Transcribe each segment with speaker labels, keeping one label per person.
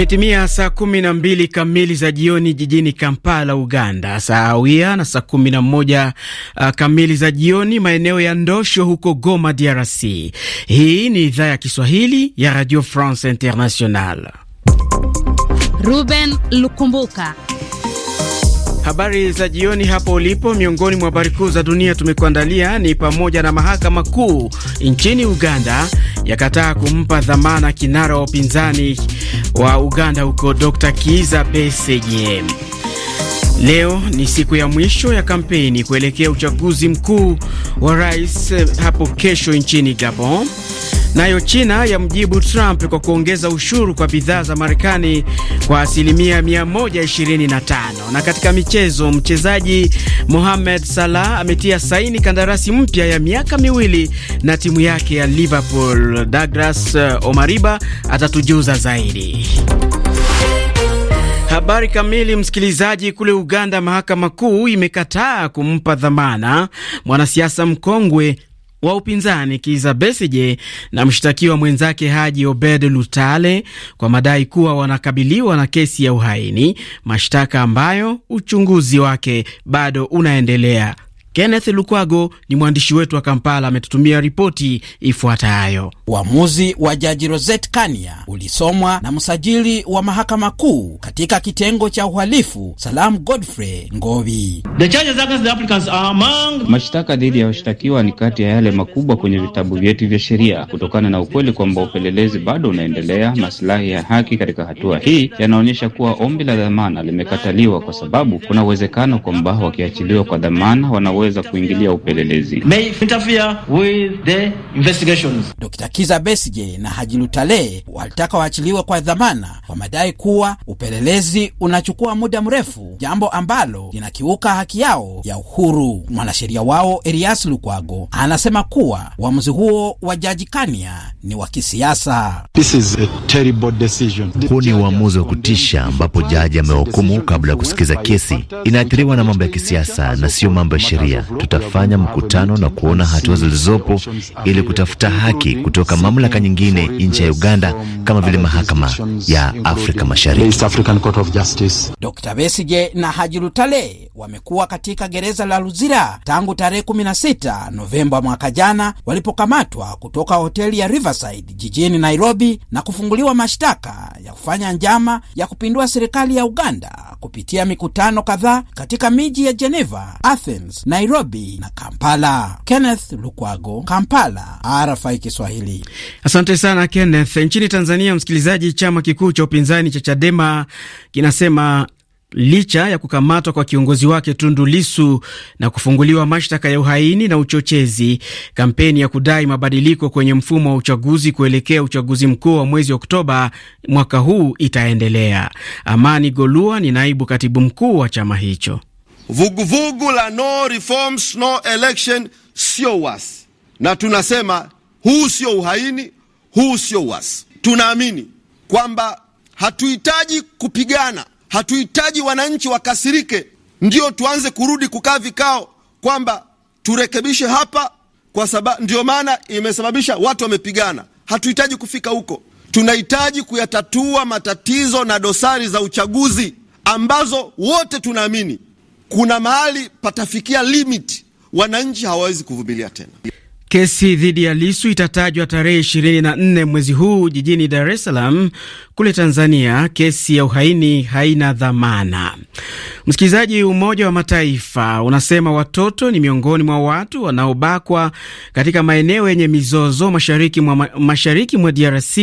Speaker 1: Imetimia saa kumi na mbili kamili za jioni jijini Kampala, Uganda, sawia na saa kumi na moja uh, kamili za jioni maeneo ya Ndosho huko Goma, DRC. Hii ni idhaa ya Kiswahili ya Radio France International.
Speaker 2: Ruben Lukumbuka,
Speaker 1: Habari za jioni hapo ulipo. Miongoni mwa habari kuu za dunia tumekuandalia ni pamoja na mahakama kuu nchini Uganda yakataa kumpa dhamana kinara wa upinzani wa Uganda huko Dr. Kiza Besigye. Leo ni siku ya mwisho ya kampeni kuelekea uchaguzi mkuu wa rais eh, hapo kesho nchini Gabon. Nayo China yamjibu Trump kwa kuongeza ushuru kwa bidhaa za Marekani kwa asilimia 125. Na katika michezo, mchezaji Mohamed Salah ametia saini kandarasi mpya ya miaka miwili na timu yake ya Liverpool. Douglas eh, Omariba atatujuza zaidi. Habari kamili, msikilizaji. Kule Uganda, mahakama kuu imekataa kumpa dhamana mwanasiasa mkongwe wa upinzani Kiza Besije na mshtakiwa mwenzake Haji Obed Lutale kwa madai kuwa wanakabiliwa na kesi ya uhaini, mashtaka ambayo uchunguzi wake bado unaendelea. Kenneth Lukwago ni mwandishi wetu wa Kampala, ametutumia ripoti ifuatayo.
Speaker 3: Uamuzi wa jaji Rosette Kania ulisomwa na msajili wa mahakama kuu katika kitengo cha uhalifu Salam Godfrey Ngobi. among...
Speaker 4: mashtaka dhidi ya washtakiwa ni kati ya yale makubwa kwenye vitabu vyetu vya sheria, kutokana na ukweli kwamba upelelezi bado unaendelea. Masilahi ya haki katika hatua hii yanaonyesha kuwa ombi la dhamana limekataliwa kwa sababu kuna uwezekano kwamba wakiachiliwa kwa dhamana wana kuweza kuingilia upelelezi.
Speaker 3: Dr. Kiza Besige na Haji Lutale walitaka waachiliwe kwa dhamana kwa madai kuwa upelelezi unachukua muda mrefu, jambo ambalo linakiuka haki yao ya uhuru. Mwanasheria wao Elias Lukwago anasema kuwa uamuzi huo wa Jaji Kania ni wa kisiasa.
Speaker 5: Huu ni uamuzi wa
Speaker 6: kutisha ambapo jaji amehukumu kabla ya kusikiza kesi. Uh, Inaathiriwa na mambo ya kisiasa na siyo mambo ya sheria. Nigeria, tutafanya mkutano na kuona hatua zilizopo ili kutafuta haki kutoka mamlaka nyingine nje ya Uganda kama vile mahakama ya Afrika Mashariki.
Speaker 3: Dr. Besije na Haji Lutale wamekuwa katika gereza la Luzira tangu tarehe 16 Novemba mwaka jana walipokamatwa kutoka hoteli ya Riverside jijini Nairobi na kufunguliwa mashtaka ya kufanya njama ya kupindua serikali ya Uganda kupitia mikutano kadhaa katika miji ya Geneva, Athens na Nairobi na Kampala. Kenneth Lukwago, Kampala, RFI Kiswahili.
Speaker 1: Asante sana Kenneth. Nchini Tanzania, msikilizaji, chama kikuu cha upinzani cha Chadema kinasema licha ya kukamatwa kwa kiongozi wake Tundu Lisu na kufunguliwa mashtaka ya uhaini na uchochezi, kampeni ya kudai mabadiliko kwenye mfumo wa uchaguzi kuelekea uchaguzi mkuu wa mwezi Oktoba mwaka huu itaendelea. Amani Golua ni naibu katibu mkuu wa chama hicho
Speaker 5: vuguvugu la no reforms no election sio uasi, na tunasema huu sio uhaini, huu sio uasi. Tunaamini kwamba hatuhitaji kupigana, hatuhitaji wananchi wakasirike ndio tuanze kurudi kukaa vikao kwamba turekebishe hapa, kwa sababu ndio maana imesababisha watu wamepigana. Hatuhitaji kufika huko, tunahitaji kuyatatua matatizo na dosari za uchaguzi ambazo wote tunaamini kuna mahali patafikia limit, wananchi hawawezi kuvumilia tena.
Speaker 1: Kesi dhidi ya Lisu itatajwa tarehe 24 mwezi huu jijini Dar es Salaam. Kule Tanzania, kesi ya uhaini haina dhamana. Msikilizaji, Umoja wa Mataifa unasema watoto ni miongoni mwa watu wanaobakwa katika maeneo yenye mizozo mashariki mwa, mashariki mwa DRC,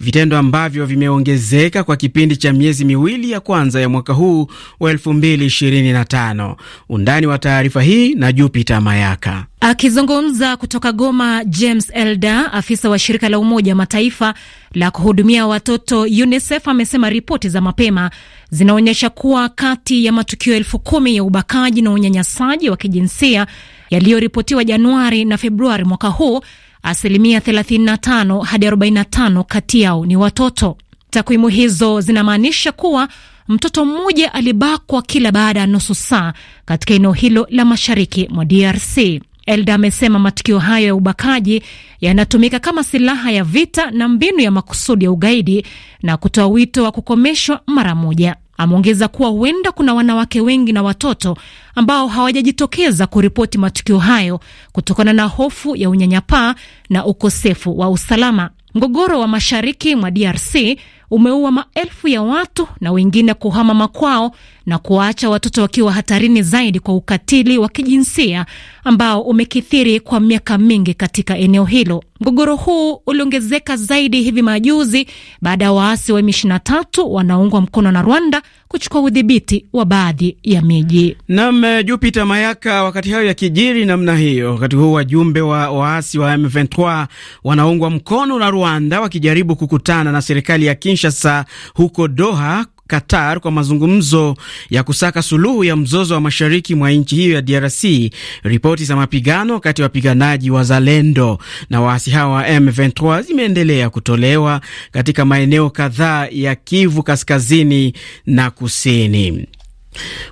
Speaker 1: vitendo ambavyo vimeongezeka kwa kipindi cha miezi miwili ya kwanza ya mwaka huu wa 2025. Undani wa taarifa hii na jupita Mayaka.
Speaker 7: Akizungumza kutoka Goma, James Elder, afisa wa shirika la Umoja wa Mataifa la kuhudumia watoto UNICEF, amesema ripoti za mapema zinaonyesha kuwa kati ya matukio elfu kumi ya ubakaji na unyanyasaji wa kijinsia yaliyoripotiwa Januari na Februari mwaka huu, asilimia 35 hadi 45 kati yao ni watoto. Takwimu hizo zinamaanisha kuwa mtoto mmoja alibakwa kila baada ya nusu saa katika eneo hilo la mashariki mwa DRC. Elda amesema matukio hayo ya ubakaji yanatumika kama silaha ya vita na mbinu ya makusudi ya ugaidi na kutoa wito wa kukomeshwa mara moja. Ameongeza kuwa huenda kuna wanawake wengi na watoto ambao hawajajitokeza kuripoti matukio hayo kutokana na hofu ya unyanyapaa na ukosefu wa usalama. Mgogoro wa mashariki mwa DRC umeua maelfu ya watu na wengine kuhama makwao na kuwaacha watoto wakiwa hatarini zaidi kwa ukatili wa kijinsia ambao umekithiri kwa miaka mingi katika eneo hilo. Mgogoro huu uliongezeka zaidi hivi majuzi baada ya waasi wa M23 wanaoungwa mkono na Rwanda kuchukua udhibiti wa baadhi ya miji.
Speaker 1: Nam eh, Jupiter Mayaka, wakati hayo yakijiri namna hiyo, wakati huu wajumbe wa waasi wa M23 wanaungwa mkono na Rwanda wakijaribu kukutana na serikali ya Kinshasa Kinshasa huko Doha Qatar kwa mazungumzo ya kusaka suluhu ya mzozo wa mashariki mwa nchi hiyo ya DRC. Ripoti za mapigano kati ya wapiganaji wa Zalendo na waasi hawa wa M23 zimeendelea kutolewa katika maeneo kadhaa ya Kivu kaskazini na kusini.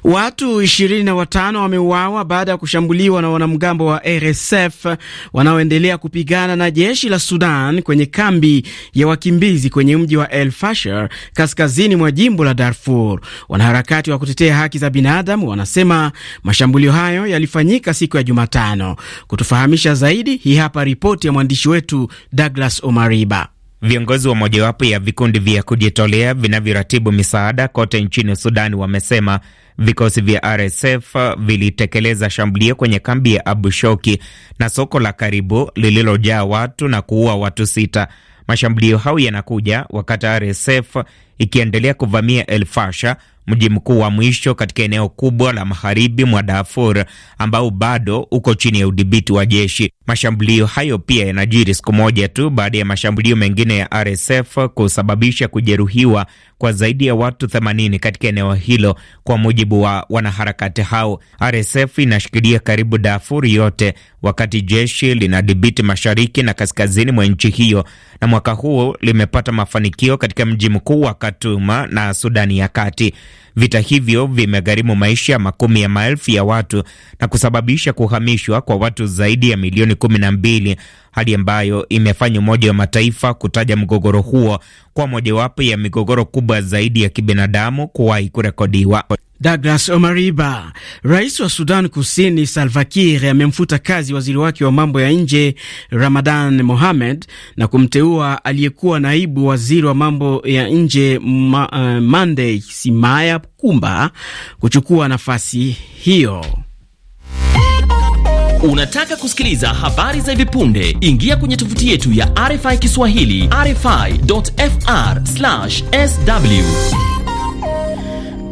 Speaker 1: Watu ishirini na watano wameuawa baada ya kushambuliwa na wanamgambo wa RSF wanaoendelea kupigana na jeshi la Sudan kwenye kambi ya wakimbizi kwenye mji wa El Fasher kaskazini mwa jimbo la Darfur. Wanaharakati wa kutetea haki za binadamu wanasema mashambulio hayo yalifanyika siku ya Jumatano. Kutufahamisha zaidi, hii hapa ripoti ya mwandishi wetu
Speaker 4: Douglas Omariba. Viongozi wa mojawapo ya vikundi vya kujitolea vinavyoratibu misaada kote nchini Sudani wamesema vikosi vya RSF vilitekeleza shambulio kwenye kambi ya Abu Shoki na soko la karibu lililojaa watu na kuua watu sita. Mashambulio hayo yanakuja wakati RSF ikiendelea kuvamia El Fasha, mji mkuu wa mwisho katika eneo kubwa la magharibi mwa Darfur ambao bado uko chini ya udhibiti wa jeshi. Mashambulio hayo pia yanajiri siku moja tu baada ya mashambulio mengine ya RSF kusababisha kujeruhiwa kwa zaidi ya watu 80 katika eneo hilo, kwa mujibu wa wanaharakati hao. RSF inashikilia karibu Darfur yote, wakati jeshi linadhibiti mashariki na kaskazini mwa nchi hiyo, na mwaka huu limepata mafanikio katika mji mkuu wa Katuma na Sudani ya Kati. Vita hivyo vimegharimu maisha ya makumi ya maelfu ya watu na kusababisha kuhamishwa kwa watu zaidi ya milioni kumi na mbili, hali ambayo imefanya Umoja wa Mataifa kutaja mgogoro huo kwa mojawapo ya migogoro kubwa zaidi ya kibinadamu kuwahi kurekodiwa. Douglas Omariba. Rais wa Sudan Kusini
Speaker 1: Salva Kiir amemfuta kazi waziri wake wa mambo ya nje Ramadan Mohamed na kumteua aliyekuwa naibu waziri wa mambo ya nje ma, uh, eh, Monday Simaya Kumba kuchukua nafasi hiyo. Unataka kusikiliza habari za hivi punde? Ingia kwenye tovuti yetu ya RFI Kiswahili, rfi.fr/sw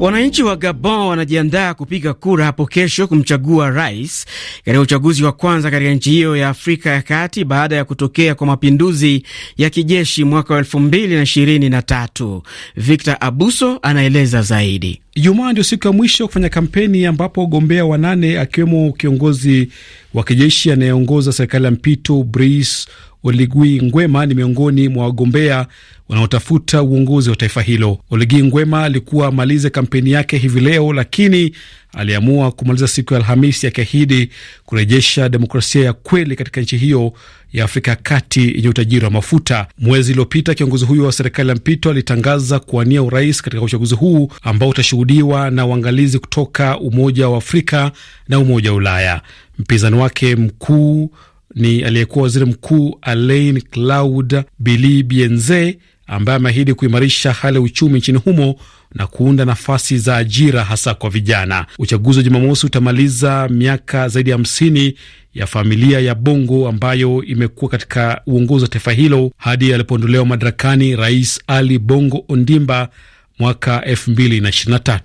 Speaker 1: Wananchi wa Gabon wanajiandaa kupiga kura hapo kesho kumchagua rais katika uchaguzi wa kwanza katika nchi hiyo ya Afrika ya Kati baada ya kutokea kwa mapinduzi ya kijeshi mwaka wa elfu mbili na ishirini na tatu. Victor Abuso
Speaker 5: anaeleza zaidi. Ijumaa ndio siku ya mwisho kufanya kampeni ambapo wagombea wanane akiwemo kiongozi wa kijeshi anayeongoza serikali ya mpito Brice Oligui Ngwema ni miongoni mwa wagombea wanaotafuta uongozi wa taifa hilo. Oligui Ngwema alikuwa amalize kampeni yake hivi leo, lakini aliamua kumaliza siku ya Alhamisi akiahidi kurejesha demokrasia ya kweli katika nchi hiyo ya Afrika ya Kati yenye utajiri wa mafuta. Mwezi uliopita kiongozi huyo wa serikali ya mpito alitangaza kuwania urais katika uchaguzi huu ambao utashuhudiwa na uangalizi kutoka Umoja wa Afrika na Umoja wa Ulaya. Mpinzani wake mkuu ni aliyekuwa waziri mkuu Alain Claude Bili Bienze ambaye ameahidi kuimarisha hali ya uchumi nchini humo na kuunda nafasi za ajira hasa kwa vijana. Uchaguzi wa Jumamosi utamaliza miaka zaidi ya hamsini ya familia ya Bongo ambayo imekuwa katika uongozi wa taifa hilo hadi alipoondolewa madarakani Rais Ali Bongo Ondimba mwaka 2023.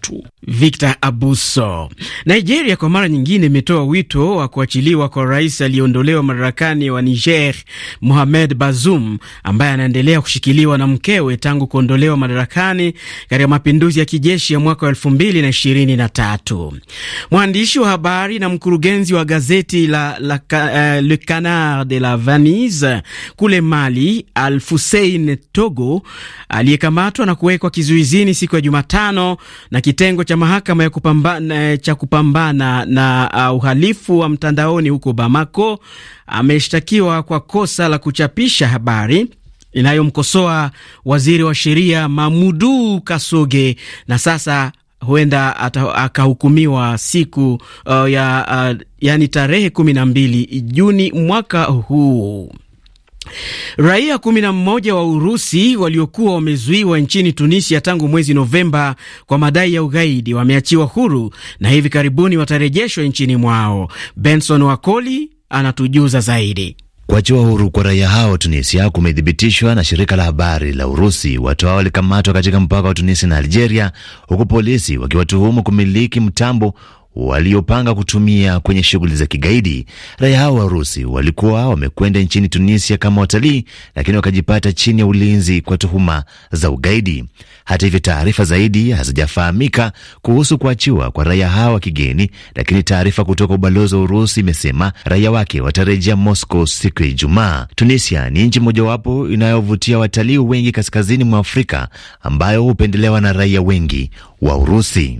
Speaker 5: Victor Abuso. Nigeria kwa mara nyingine
Speaker 1: imetoa wito wa kuachiliwa kwa rais aliyeondolewa madarakani wa Niger Mohamed Bazoum ambaye anaendelea kushikiliwa na mkewe tangu kuondolewa madarakani katika mapinduzi ya kijeshi ya mwaka 2023. Mwandishi wa habari na mkurugenzi wa gazeti la, la uh, Le Canard de la Venise kule Mali Alfusein Togo aliyekamatwa na kuwekwa kizuizi Kusini siku ya Jumatano na kitengo cha mahakama ya kupambana, eh, cha kupambana na uh, uhalifu wa mtandaoni huko Bamako ameshtakiwa kwa kosa la kuchapisha habari inayomkosoa waziri wa sheria Mamudu Kasoge na sasa huenda akahukumiwa siku uh, ya uh, yani tarehe kumi na mbili Juni mwaka huu. Raia kumi na mmoja wa Urusi waliokuwa wamezuiwa nchini Tunisia tangu mwezi Novemba kwa madai ya ugaidi wameachiwa huru na hivi karibuni watarejeshwa nchini mwao. Benson Wakoli anatujuza zaidi.
Speaker 6: Kuachiwa huru kwa raia hao Tunisia kumethibitishwa na shirika la habari la Urusi. Watu hao walikamatwa katika mpaka wa Tunisia na Algeria, huku polisi wakiwatuhumu kumiliki mtambo waliopanga kutumia kwenye shughuli za kigaidi. Raia hao wa Urusi walikuwa wamekwenda nchini Tunisia kama watalii, lakini wakajipata chini ya ulinzi kwa tuhuma za ugaidi. Hata hivyo, taarifa zaidi hazijafahamika kuhusu kuachiwa kwa raia hao wa kigeni, lakini taarifa kutoka ubalozi wa Urusi imesema raia wake watarejea Moscow siku ya Ijumaa. Tunisia ni nchi mojawapo inayovutia watalii wengi kaskazini mwa Afrika, ambayo hupendelewa na raia wengi wa Urusi.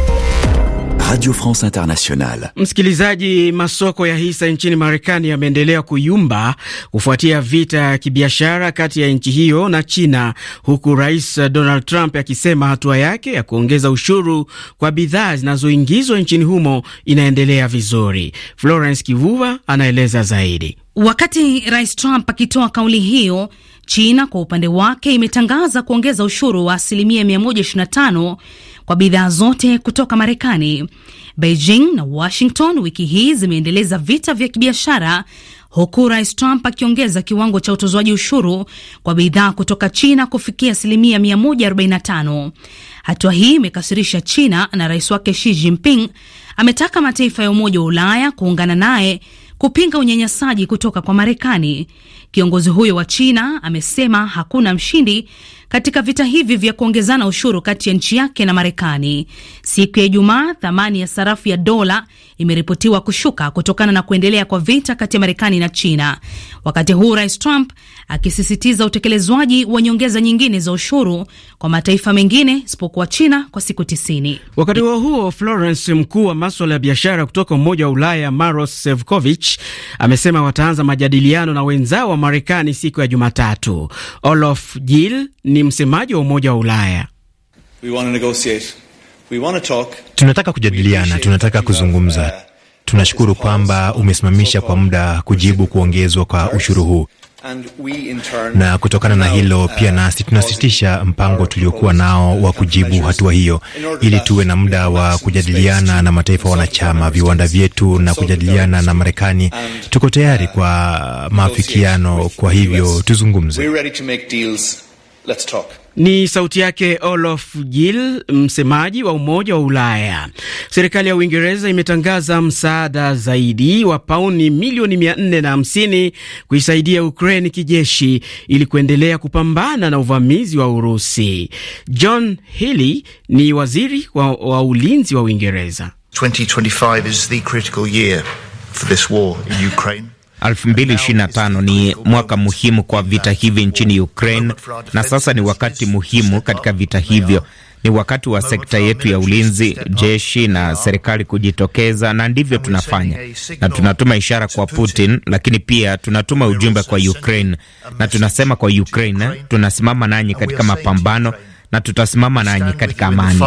Speaker 6: Radio France Internationale.
Speaker 1: Msikilizaji, masoko ya hisa nchini Marekani yameendelea kuyumba kufuatia vita ya kibiashara kati ya nchi hiyo na China, huku Rais Donald Trump akisema hatua yake ya kuongeza ushuru kwa bidhaa zinazoingizwa nchini humo inaendelea vizuri. Florence Kivuva anaeleza zaidi.
Speaker 2: Wakati Rais Trump akitoa kauli hiyo, China kwa upande wake imetangaza kuongeza ushuru wa asilimia 125 kwa bidhaa zote kutoka Marekani. Beijing na Washington wiki hii zimeendeleza vita vya kibiashara huku Rais Trump akiongeza kiwango cha utozwaji ushuru kwa bidhaa kutoka China kufikia asilimia 145. Hatua hii imekasirisha China na rais wake Xi Jinping ametaka mataifa ya Umoja wa Ulaya kuungana naye kupinga unyanyasaji kutoka kwa Marekani. Kiongozi huyo wa China amesema hakuna mshindi katika vita hivi vya kuongezana ushuru kati ya nchi yake na Marekani. Siku ya Ijumaa, thamani ya sarafu ya dola imeripotiwa kushuka kutokana na kuendelea kwa vita kati ya Marekani na China, wakati huu Rais Trump akisisitiza utekelezwaji wa nyongeza nyingine za ushuru kwa mataifa mengine isipokuwa China kwa siku tisini.
Speaker 1: Wakati huo huo, Florence, mkuu wa maswala ya biashara kutoka Umoja wa Ulaya Maros Sefcovic Bush amesema wataanza majadiliano na wenzao wa Marekani siku ya Jumatatu. Olof Jill ni msemaji wa Umoja wa Ulaya.
Speaker 6: Tunataka kujadiliana, tunataka kuzungumza. Uh, Tunashukuru kwamba umesimamisha kwa muda kujibu kuongezwa kwa ushuru huu. Na kutokana na hilo uh, pia nasi tunasitisha mpango tuliokuwa nao wa kujibu hatua hiyo, ili tuwe na muda wa kujadiliana na mataifa wanachama, viwanda vyetu na kujadiliana na Marekani. Tuko tayari uh, kwa maafikiano, kwa hivyo tuzungumze. Ni sauti
Speaker 1: yake Olof Gill, msemaji wa Umoja wa Ulaya. Serikali ya Uingereza imetangaza msaada zaidi wa pauni milioni 450 kuisaidia Ukraine kijeshi ili kuendelea kupambana na uvamizi wa Urusi. John Healey ni waziri wa, wa ulinzi wa Uingereza. 2025
Speaker 6: is the critical year for this war in Ukraine.
Speaker 4: 2025 ni mwaka muhimu kwa vita hivi nchini Ukraine, na sasa ni wakati muhimu katika vita hivyo. Ni wakati wa sekta yetu ya ulinzi, jeshi na serikali kujitokeza, na ndivyo tunafanya, na tunatuma ishara kwa Putin, lakini pia tunatuma ujumbe kwa Ukraine na tunasema kwa Ukraine, tunasimama nanyi katika mapambano na tutasimama nanyi katika amani.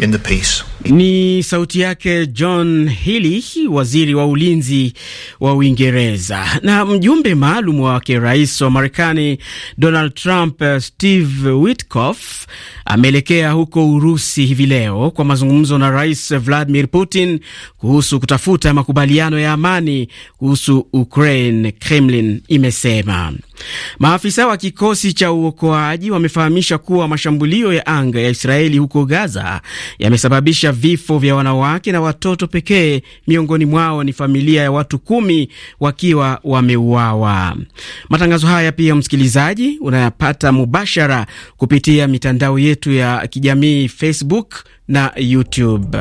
Speaker 6: In the peace.
Speaker 1: Ni sauti yake John Healey, waziri wa ulinzi wa Uingereza. Na mjumbe maalum wake rais wa Marekani Donald Trump, Steve Witkoff ameelekea huko Urusi hivi leo kwa mazungumzo na Rais Vladimir Putin kuhusu kutafuta makubaliano ya amani kuhusu Ukraine, Kremlin imesema. Maafisa wa kikosi cha uokoaji wamefahamisha kuwa mashambulio ya anga ya Israeli huko Gaza yamesababisha vifo vya wanawake na watoto pekee, miongoni mwao ni familia ya watu kumi wakiwa wameuawa. Matangazo haya pia, msikilizaji, unayapata mubashara kupitia mitandao yetu yetu ya kijamii Facebook na YouTube.